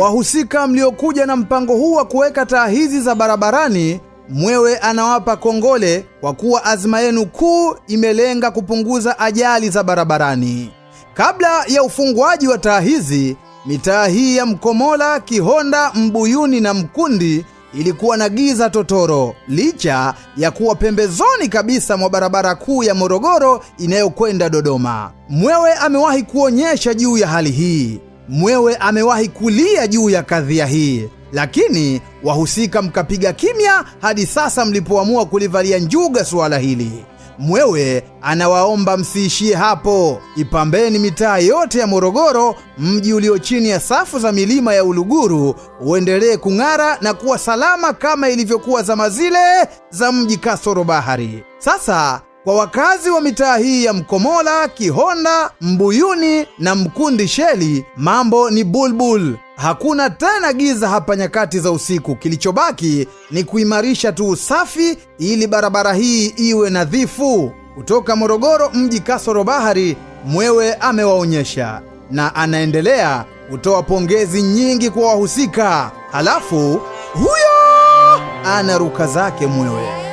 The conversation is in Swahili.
Wahusika mliokuja na mpango huu wa kuweka taa hizi za barabarani, mwewe anawapa kongole kwa kuwa azma yenu kuu imelenga kupunguza ajali za barabarani. Kabla ya ufungwaji wa taa hizi, mitaa hii ya Mkomola, Kihonda, Mbuyuni na Mkundi ilikuwa na giza totoro, licha ya kuwa pembezoni kabisa mwa barabara kuu ya Morogoro inayokwenda Dodoma. Mwewe amewahi kuonyesha juu ya hali hii Mwewe amewahi kulia juu ya kadhia hii, lakini wahusika mkapiga kimya hadi sasa mlipoamua kulivalia njuga suala hili. Mwewe anawaomba msiishie hapo, ipambeni mitaa yote ya Morogoro, mji ulio chini ya safu za milima ya Uluguru uendelee kung'ara na kuwa salama kama ilivyokuwa zama zile za mji kasoro bahari. Sasa kwa wakazi wa mitaa hii ya Mkomola, Kihonda, Mbuyuni na Mkundi Sheli, mambo ni bulbul. Hakuna tena giza hapa nyakati za usiku. Kilichobaki ni kuimarisha tu usafi ili barabara hii iwe nadhifu. Kutoka Morogoro mji kasoro bahari, mwewe amewaonyesha na anaendelea kutoa pongezi nyingi kwa wahusika. Halafu huyo anaruka zake mwewe.